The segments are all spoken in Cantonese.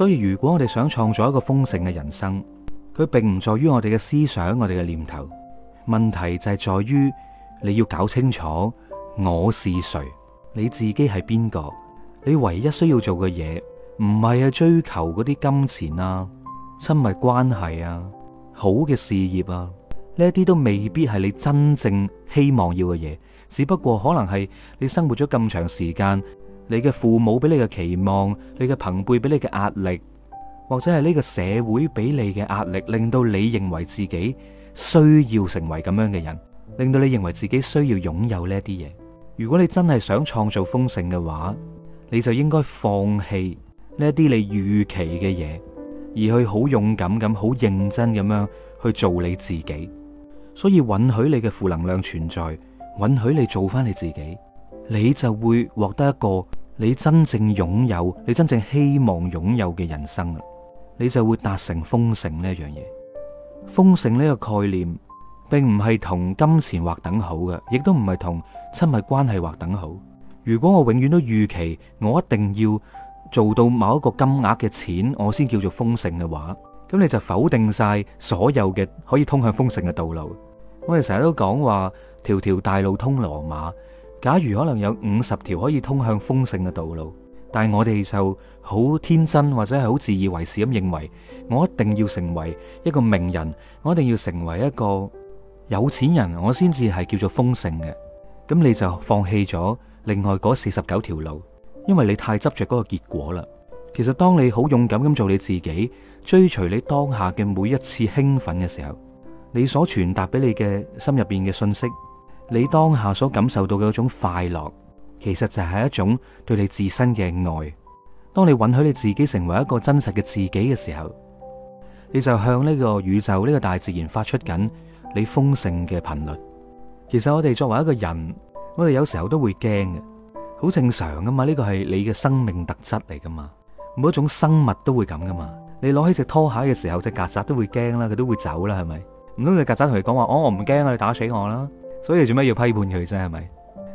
所以，如果我哋想創造一個豐盛嘅人生，佢並唔在於我哋嘅思想、我哋嘅念頭。問題就係在於你要搞清楚我是誰，你自己係邊個。你唯一需要做嘅嘢，唔係去追求嗰啲金錢啊、親密關係啊、好嘅事業啊，呢一啲都未必係你真正希望要嘅嘢。只不過可能係你生活咗咁長時間。你嘅父母俾你嘅期望，你嘅朋輩俾你嘅壓力，或者係呢個社會俾你嘅壓力，令到你認為自己需要成為咁樣嘅人，令到你認為自己需要擁有呢啲嘢。如果你真係想創造豐盛嘅話，你就應該放棄呢一啲你預期嘅嘢，而去好勇敢咁、好認真咁樣去做你自己。所以允許你嘅負能量存在，允許你做翻你自己，你就會獲得一個。你真正擁有，你真正希望擁有嘅人生，你就會達成豐盛呢一樣嘢。豐盛呢個概念，並唔係同金錢劃等號嘅，亦都唔係同親密關係劃等號。如果我永遠都預期我一定要做到某一個金額嘅錢，我先叫做豐盛嘅話，咁你就否定晒，所有嘅可以通向豐盛嘅道路。我哋成日都講話，條條大路通羅馬。假如可能有五十條可以通向豐盛嘅道路，但係我哋就好天真或者係好自以為是咁認為，我一定要成為一個名人，我一定要成為一個有錢人，我先至係叫做豐盛嘅。咁你就放棄咗另外嗰四十九條路，因為你太執着嗰個結果啦。其實當你好勇敢咁做你自己，追隨你當下嘅每一次興奮嘅時候，你所傳達俾你嘅心入邊嘅信息。你當下所感受到嘅嗰種快樂，其實就係一種對你自身嘅愛。當你允許你自己成為一個真實嘅自己嘅時候，你就向呢個宇宙、呢個大自然發出緊你豐盛嘅頻率。其實我哋作為一個人，我哋有時候都會驚嘅，好正常噶嘛。呢個係你嘅生命特質嚟噶嘛，每一種生物都會咁噶嘛。你攞起隻拖鞋嘅時候，隻曱甴都會驚啦，佢都會走啦，係咪？唔通你曱甴同你講話？哦，我唔驚啊，你打死我啦！所以你做咩要批判佢啫？係咪？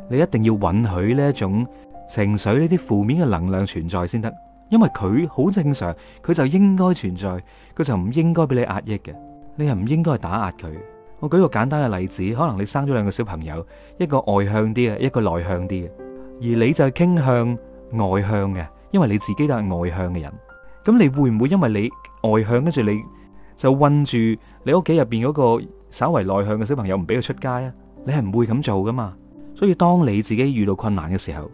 你一定要允許呢一種情緒，呢啲負面嘅能量存在先得，因為佢好正常，佢就應該存在，佢就唔應該俾你壓抑嘅，你又唔應該打壓佢。我舉個簡單嘅例子，可能你生咗兩個小朋友，一個外向啲嘅，一個內向啲嘅，而你就係傾向外向嘅，因為你自己都係外向嘅人。咁你會唔會因為你外向，跟住你就困住你屋企入邊嗰個稍為內向嘅小朋友，唔俾佢出街啊？你係唔會咁做噶嘛？所以當你自己遇到困難嘅時候，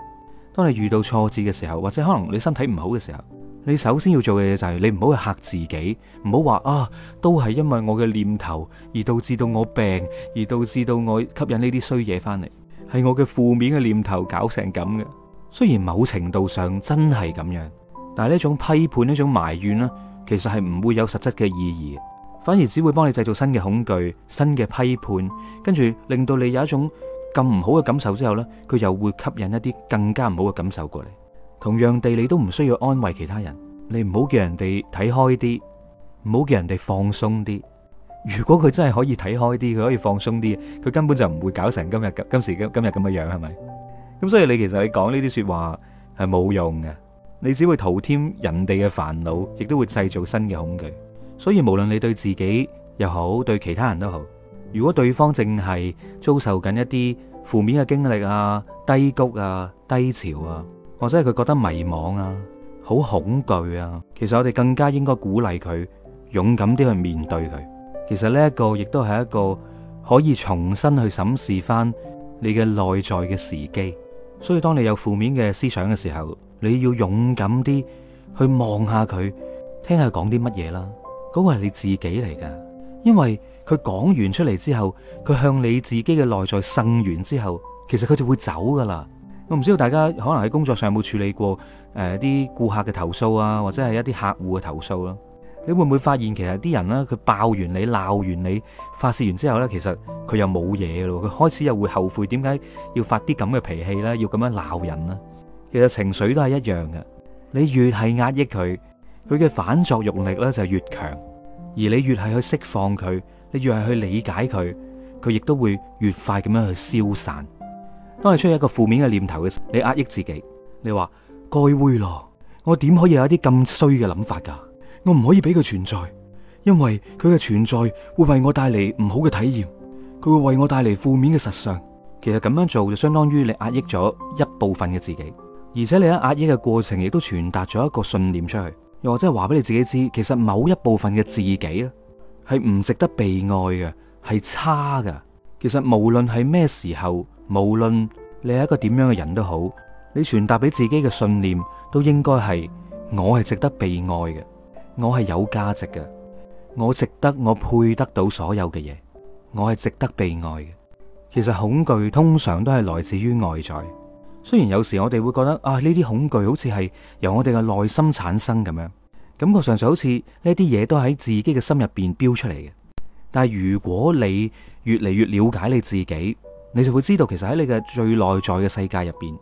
當你遇到挫折嘅時候，或者可能你身體唔好嘅時候，你首先要做嘅嘢就係你唔好去嚇自己，唔好話啊，都係因為我嘅念頭而導致到我病，而導致到我吸引呢啲衰嘢翻嚟，係我嘅負面嘅念頭搞成咁嘅。雖然某程度上真係咁樣，但係呢種批判、呢種埋怨呢，其實係唔會有實質嘅意義。反而只會幫你製造新嘅恐懼、新嘅批判，跟住令到你有一種咁唔好嘅感受之後呢，佢又會吸引一啲更加唔好嘅感受過嚟。同樣地，你都唔需要安慰其他人，你唔好叫人哋睇開啲，唔好叫人哋放鬆啲。如果佢真係可以睇開啲，佢可以放鬆啲，佢根本就唔會搞成今日今時今日咁嘅樣，係咪？咁所以你其實你講呢啲說話係冇用嘅，你只會徒添人哋嘅煩惱，亦都會製造新嘅恐懼。所以，無論你對自己又好，對其他人都好。如果對方正係遭受緊一啲負面嘅經歷啊、低谷啊、低潮啊，或者係佢覺得迷茫啊、好恐懼啊，其實我哋更加應該鼓勵佢勇敢啲去面對佢。其實呢一個亦都係一個可以重新去審視翻你嘅內在嘅時機。所以，當你有負面嘅思想嘅時候，你要勇敢啲去望下佢，聽下佢講啲乜嘢啦。嗰個係你自己嚟噶，因為佢講完出嚟之後，佢向你自己嘅內在呻完之後，其實佢就會走噶啦。我唔知道大家可能喺工作上有冇處理過誒啲顧客嘅投訴啊，或者係一啲客戶嘅投訴啦、啊。你會唔會發現其實啲人呢，佢爆完你鬧完你發泄完之後呢，其實佢又冇嘢咯，佢開始又會後悔點解要發啲咁嘅脾氣啦，要咁樣鬧人呢？其實情緒都係一樣嘅，你越係壓抑佢。佢嘅反作用力咧就越強，而你越係去釋放佢，你越係去理解佢，佢亦都會越快咁樣去消散。當你出現一個負面嘅念頭嘅時候，你壓抑自己，你話該會咯，我點可以有一啲咁衰嘅諗法噶？我唔可以俾佢存在，因為佢嘅存在會為我帶嚟唔好嘅體驗，佢會為我帶嚟負面嘅實相。其實咁樣做就相當於你壓抑咗一部分嘅自己，而且你喺壓抑嘅過程亦都傳達咗一個信念出去。.又或者話俾你自己知，其實某一部分嘅自己咧，係唔值得被愛嘅，係差㗎。其實無論係咩時候，無論你係一個點樣嘅人都好，你傳達俾自己嘅信念都應該係：我係值得被愛嘅，我係有價值嘅，我值得，我配得到所有嘅嘢，我係值得被愛嘅。其實恐懼通常都係來自於外在。雖然有時我哋會覺得啊，呢啲恐懼好似係由我哋嘅內心產生咁樣，感覺上就好似呢啲嘢都喺自己嘅心入邊飆出嚟嘅。但係如果你越嚟越了解你自己，你就會知道其實喺你嘅最內在嘅世界入邊，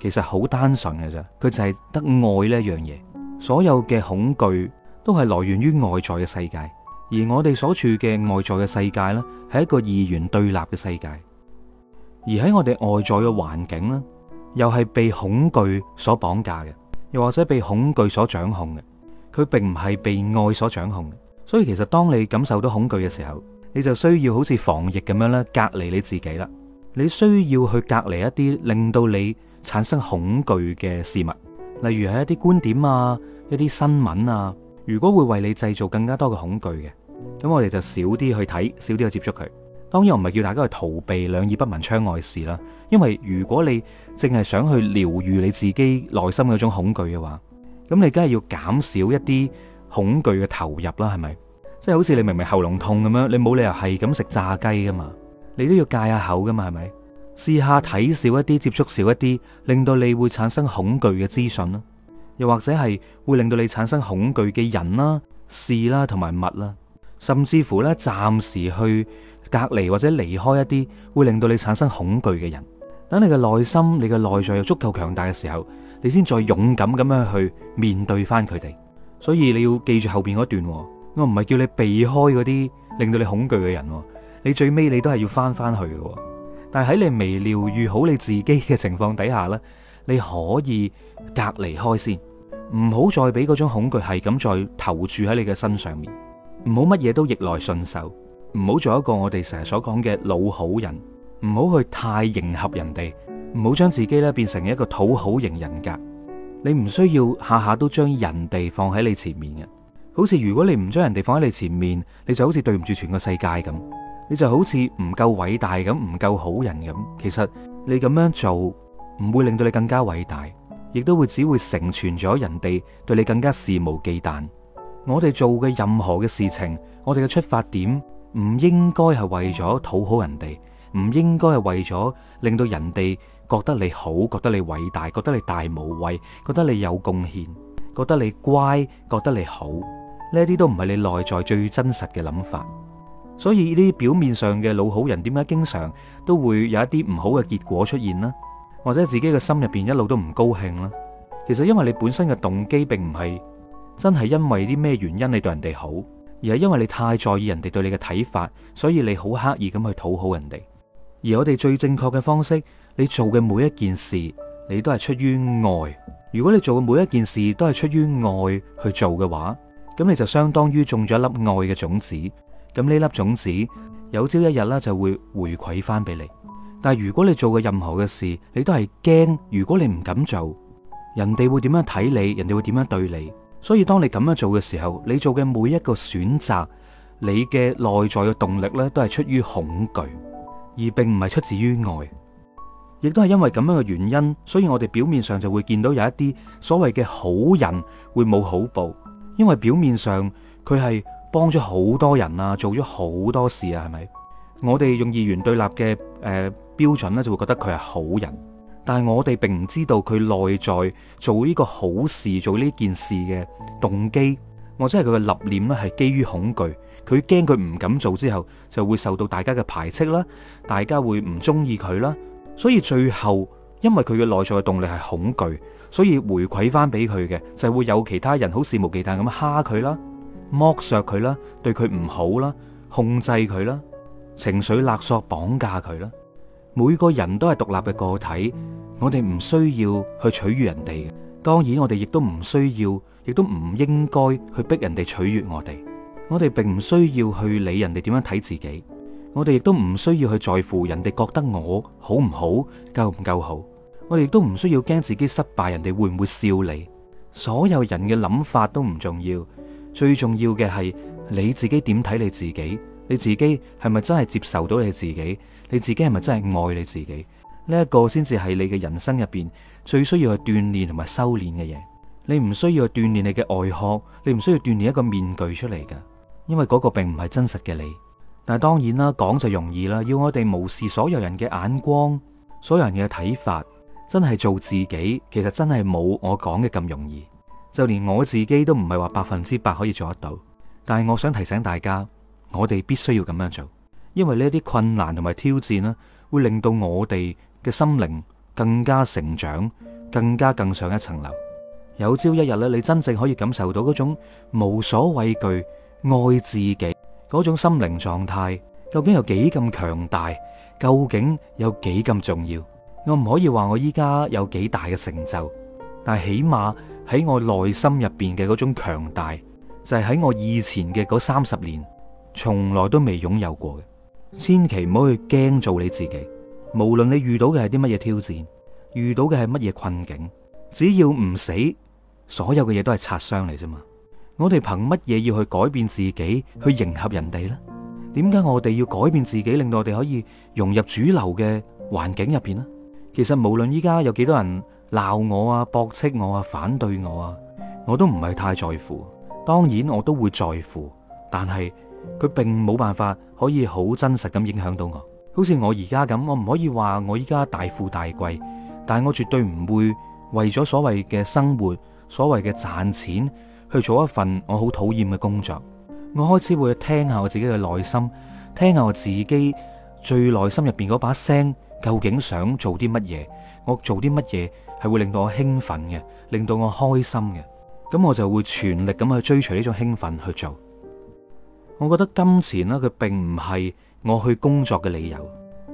其實好單純嘅啫，佢就係得愛呢一樣嘢。所有嘅恐懼都係來源於外在嘅世界，而我哋所處嘅外在嘅世界呢，係一個二元對立嘅世界，而喺我哋外在嘅環境呢。又係被恐懼所綁架嘅，又或者被恐懼所掌控嘅，佢並唔係被愛所掌控嘅。所以其實當你感受到恐懼嘅時候，你就需要好似防疫咁樣咧隔離你自己啦。你需要去隔離一啲令到你產生恐懼嘅事物，例如係一啲觀點啊、一啲新聞啊，如果會為你製造更加多嘅恐懼嘅，咁我哋就少啲去睇，少啲去接觸佢。當然，我唔係叫大家去逃避兩耳不聞窗外事啦。因為如果你淨係想去療愈你自己內心嗰種恐懼嘅話，咁你梗係要減少一啲恐懼嘅投入啦，係咪？即係好似你明明喉嚨痛咁樣，你冇理由係咁食炸雞噶嘛，你都要戒下口噶嘛，係咪？試下睇少一啲，接觸少一啲，令到你會產生恐懼嘅資訊啦，又或者係會令到你產生恐懼嘅人啦、事啦同埋物啦，甚至乎呢，暫時去隔離或者離開一啲會令到你產生恐懼嘅人，等你嘅內心、你嘅內在又足夠強大嘅時候，你先再勇敢咁樣去面對翻佢哋。所以你要記住後邊嗰段，我唔係叫你避開嗰啲令到你恐懼嘅人，你最尾你都係要翻翻去嘅。但係喺你未療愈好你自己嘅情況底下咧，你可以隔離開先，唔好再俾嗰種恐懼係咁再投注喺你嘅身上面，唔好乜嘢都逆來順受。唔好做一個我哋成日所講嘅老好人，唔好去太迎合人哋，唔好將自己咧變成一個討好型人格。你唔需要下下都將人哋放喺你前面嘅，好似如果你唔將人哋放喺你前面，你就好似對唔住全個世界咁，你就好似唔夠偉大咁，唔夠好人咁。其實你咁樣做唔會令到你更加偉大，亦都會只會成全咗人哋對你更加肆無忌憚。我哋做嘅任何嘅事情，我哋嘅出發點。唔應該係為咗討好人哋，唔應該係為咗令到人哋覺得你好，覺得你偉大，覺得你大無畏，覺得你有貢獻，覺得你乖，覺得你好，呢啲都唔係你內在最真實嘅諗法。所以呢啲表面上嘅老好人，點解經常都會有一啲唔好嘅結果出現呢？或者自己嘅心入邊一路都唔高興呢？其實因為你本身嘅動機並唔係真係因為啲咩原因你對人哋好。而係因為你太在意人哋對你嘅睇法，所以你好刻意咁去討好人哋。而我哋最正確嘅方式，你做嘅每一件事，你都係出於愛。如果你做嘅每一件事都係出於愛去做嘅話，咁你就相當於種咗一粒愛嘅種子。咁呢粒種子有朝一日啦就會回饋翻俾你。但係如果你做嘅任何嘅事，你都係驚，如果你唔敢做，人哋會點樣睇你？人哋會點樣對你？所以當你咁樣做嘅時候，你做嘅每一個選擇，你嘅內在嘅動力呢，都係出於恐懼，而並唔係出自於愛。亦都係因為咁樣嘅原因，所以我哋表面上就會見到有一啲所謂嘅好人會冇好報，因為表面上佢係幫咗好多人啊，做咗好多事啊，係咪？我哋用二元對立嘅、誒、呃、標準呢，就會覺得佢係好人。但係我哋並唔知道佢內在做呢個好事、做呢件事嘅動機，或者係佢嘅立念咧，係基於恐懼。佢驚佢唔敢做之後，就會受到大家嘅排斥啦，大家會唔中意佢啦。所以最後，因為佢嘅內在動力係恐懼，所以回饋翻俾佢嘅就係會有其他人好肆無忌憚咁蝦佢啦、剝削佢啦、對佢唔好啦、控制佢啦、情緒勒索、綁架佢啦。每個人都係獨立嘅個體，我哋唔需要去取悦人哋。當然，我哋亦都唔需要，亦都唔應該去逼人哋取悦我哋。我哋並唔需要去理人哋點樣睇自己，我哋亦都唔需要去在乎人哋覺得我好唔好，夠唔夠好。我哋亦都唔需要驚自己失敗，人哋會唔會笑你？所有人嘅諗法都唔重要，最重要嘅係你自己點睇你自己，你自己係咪真係接受到你自己？你自己係咪真係愛你自己？呢一個先至係你嘅人生入邊最需要去鍛煉同埋修煉嘅嘢。你唔需要去鍛煉你嘅外殼，你唔需要鍛煉一個面具出嚟噶，因為嗰個並唔係真實嘅你。但係當然啦，講就容易啦，要我哋無視所有人嘅眼光、所有人嘅睇法，真係做自己，其實真係冇我講嘅咁容易。就連我自己都唔係話百分之百可以做得到，但係我想提醒大家，我哋必須要咁樣做。因為呢啲困難同埋挑戰咧，會令到我哋嘅心靈更加成長，更加更上一層樓。有朝一日咧，你真正可以感受到嗰種無所畏懼、愛自己嗰種心靈狀態，究竟有幾咁強大，究竟有幾咁重要？我唔可以話我依家有幾大嘅成就，但係起碼喺我內心入邊嘅嗰種強大，就係喺我以前嘅嗰三十年從來都未擁有過嘅。千祈唔好去驚做你自己，無論你遇到嘅係啲乜嘢挑戰，遇到嘅係乜嘢困境，只要唔死，所有嘅嘢都係擦傷嚟啫嘛。我哋憑乜嘢要去改變自己，去迎合人哋呢？點解我哋要改變自己，令到我哋可以融入主流嘅環境入邊呢？其實無論依家有幾多人鬧我啊、駁斥我啊、反對我啊，我都唔係太在乎。當然我都會在乎，但係。佢並冇辦法可以好真實咁影響到我，好似我而家咁，我唔可以話我而家大富大貴，但係我絕對唔會為咗所謂嘅生活、所謂嘅賺錢去做一份我好討厭嘅工作。我開始會聽下我自己嘅內心，聽下我自己最內心入邊嗰把聲究竟想做啲乜嘢，我做啲乜嘢係會令到我興奮嘅，令到我開心嘅，咁我就會全力咁去追隨呢種興奮去做。我覺得金錢呢，佢並唔係我去工作嘅理由，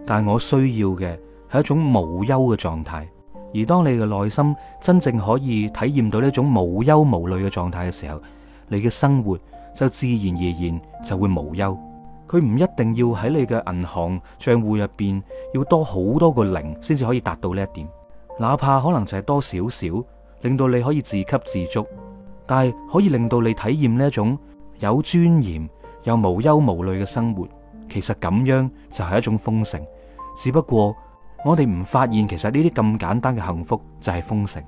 但係我需要嘅係一種無憂嘅狀態。而當你嘅內心真正可以體驗到呢種無憂無慮嘅狀態嘅時候，你嘅生活就自然而然就會無憂。佢唔一定要喺你嘅銀行賬戶入邊要多好多個零先至可以達到呢一點，哪怕可能就係多少少，令到你可以自給自足，但係可以令到你體驗呢種有尊嚴。又無憂無慮嘅生活，其實咁樣就係一種豐盛。只不過我哋唔發現，其實呢啲咁簡單嘅幸福就係豐盛。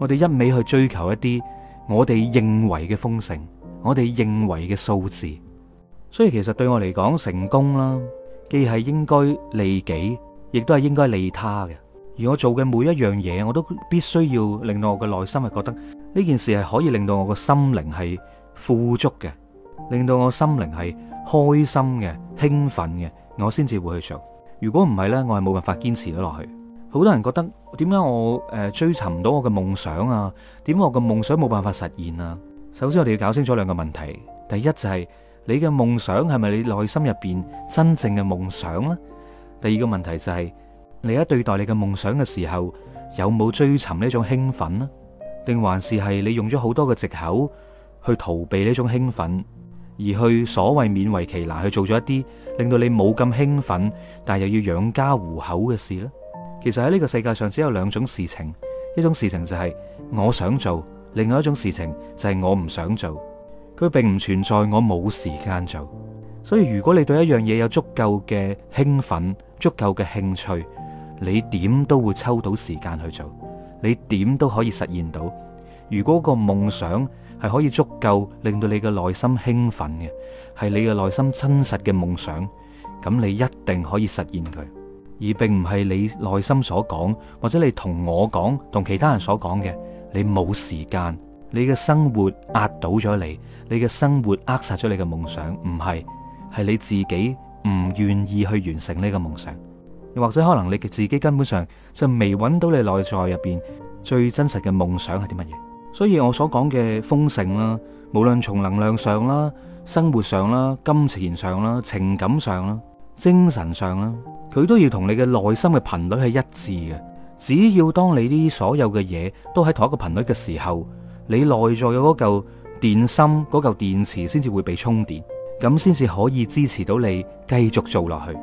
我哋一味去追求一啲我哋認為嘅豐盛，我哋認為嘅數字。所以其實對我嚟講，成功啦，既係應該利己，亦都係應該利他嘅。而我做嘅每一樣嘢，我都必須要令到我嘅內心係覺得呢件事係可以令到我嘅心靈係富足嘅。令到我心靈係開心嘅、興奮嘅，我先至會去做。如果唔係呢，我係冇辦法堅持咗落去。好多人覺得點解我誒、呃、追尋唔到我嘅夢想啊？點解我嘅夢想冇辦法實現啊？首先我哋要搞清楚兩個問題：第一就係、是、你嘅夢想係咪你內心入邊真正嘅夢想呢？第二個問題就係、是、你喺對待你嘅夢想嘅時候，有冇追尋呢種興奮呢？定還是係你用咗好多嘅借口去逃避呢種興奮？而去所謂勉為其難去做咗一啲令到你冇咁興奮，但又要養家糊口嘅事呢。其實喺呢個世界上只有兩種事情，一種事情就係我想做，另外一種事情就係我唔想做。佢並唔存在我冇時間做。所以如果你對一樣嘢有足夠嘅興奮、足夠嘅興趣，你點都會抽到時間去做，你點都可以實現到。如果個夢想，係可以足夠令到你嘅內心興奮嘅，係你嘅內心真實嘅夢想，咁你一定可以實現佢，而並唔係你內心所講，或者你同我講，同其他人所講嘅，你冇時間，你嘅生活壓倒咗你，你嘅生活扼殺咗你嘅夢想，唔係係你自己唔願意去完成呢個夢想，又或者可能你自己根本上就未揾到你內在入邊最真實嘅夢想係啲乜嘢。所以我所講嘅豐盛啦，無論從能量上啦、生活上啦、金錢上啦、情感上啦、精神上啦，佢都要同你嘅內心嘅頻率係一致嘅。只要當你啲所有嘅嘢都喺同一個頻率嘅時候，你內在嘅嗰嚿電芯、嗰嚿電池先至會被充電，咁先至可以支持到你繼續做落去。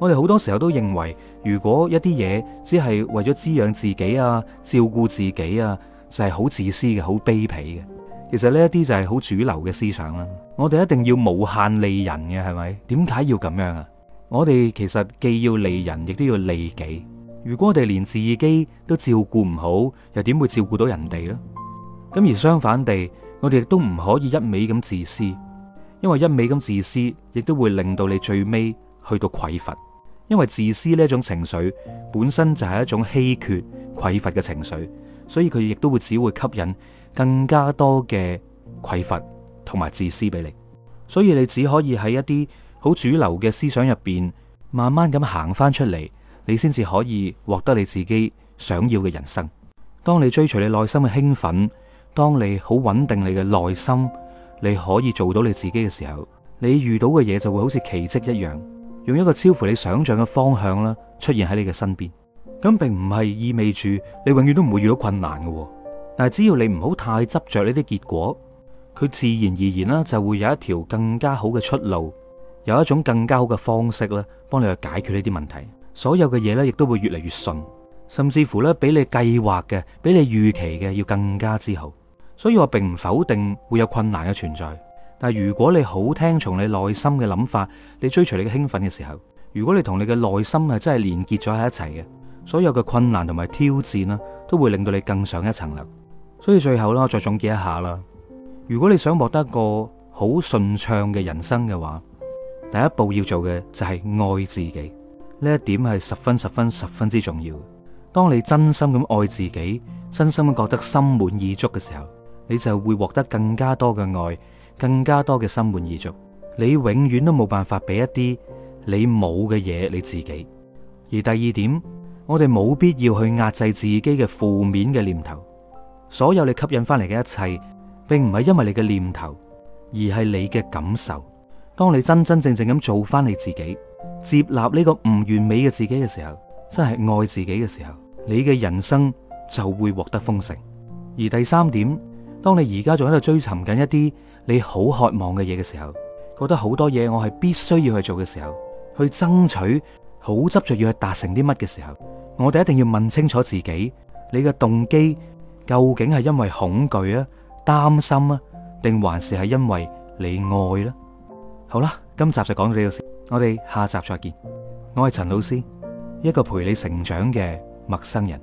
我哋好多時候都認為，如果一啲嘢只係為咗滋養自己啊、照顧自己啊，就係好自私嘅，好卑鄙嘅。其實呢一啲就係好主流嘅思想啦。我哋一定要無限利人嘅，係咪？點解要咁樣啊？我哋其實既要利人，亦都要利己。如果我哋連自己都照顧唔好，又點會照顧到人哋呢？咁而相反地，我哋亦都唔可以一味咁自私，因為一味咁自私，亦都會令到你最尾去到匱乏。因為自私呢一種情緒本身就係一種稀缺匱乏嘅情緒。所以佢亦都會只會吸引更加多嘅匱乏同埋自私俾你，所以你只可以喺一啲好主流嘅思想入邊，慢慢咁行翻出嚟，你先至可以獲得你自己想要嘅人生。當你追隨你內心嘅興奮，當你好穩定你嘅內心，你可以做到你自己嘅時候，你遇到嘅嘢就會好似奇蹟一樣，用一個超乎你想象嘅方向啦，出現喺你嘅身邊。咁並唔係意味住你永遠都唔會遇到困難嘅。但係只要你唔好太執着呢啲結果，佢自然而然啦就會有一條更加好嘅出路，有一種更加好嘅方式咧，幫你去解決呢啲問題。所有嘅嘢咧，亦都會越嚟越順，甚至乎咧，比你計劃嘅，比你預期嘅要更加之好。所以我並唔否定會有困難嘅存在。但係如果你好聽從你內心嘅諗法，你追隨你嘅興奮嘅時候，如果你同你嘅內心係真係連結咗喺一齊嘅。所有嘅困難同埋挑戰啦，都會令到你更上一層樓。所以最後啦，我再總結一下啦。如果你想獲得一個好順暢嘅人生嘅話，第一步要做嘅就係愛自己。呢一點係十分、十分、十分之重要。當你真心咁愛自己，真心咁覺得心滿意足嘅時候，你就會獲得更加多嘅愛，更加多嘅心滿意足。你永遠都冇辦法俾一啲你冇嘅嘢你自己。而第二點。我哋冇必要去壓制自己嘅負面嘅念頭。所有你吸引翻嚟嘅一切，並唔係因為你嘅念頭，而係你嘅感受。當你真真正正咁做翻你自己，接納呢個唔完美嘅自己嘅時候，真係愛自己嘅時候，你嘅人生就會獲得豐盛。而第三點，當你而家仲喺度追尋緊一啲你好渴望嘅嘢嘅時候，覺得好多嘢我係必須要去做嘅時候，去爭取好執着要去達成啲乜嘅時候。我哋一定要問清楚自己，你嘅動機究竟係因為恐懼啊、擔心啊，定還是係因為你愛啦？好啦，今集就講到呢度先，我哋下集再見。我係陳老師，一個陪你成長嘅陌生人。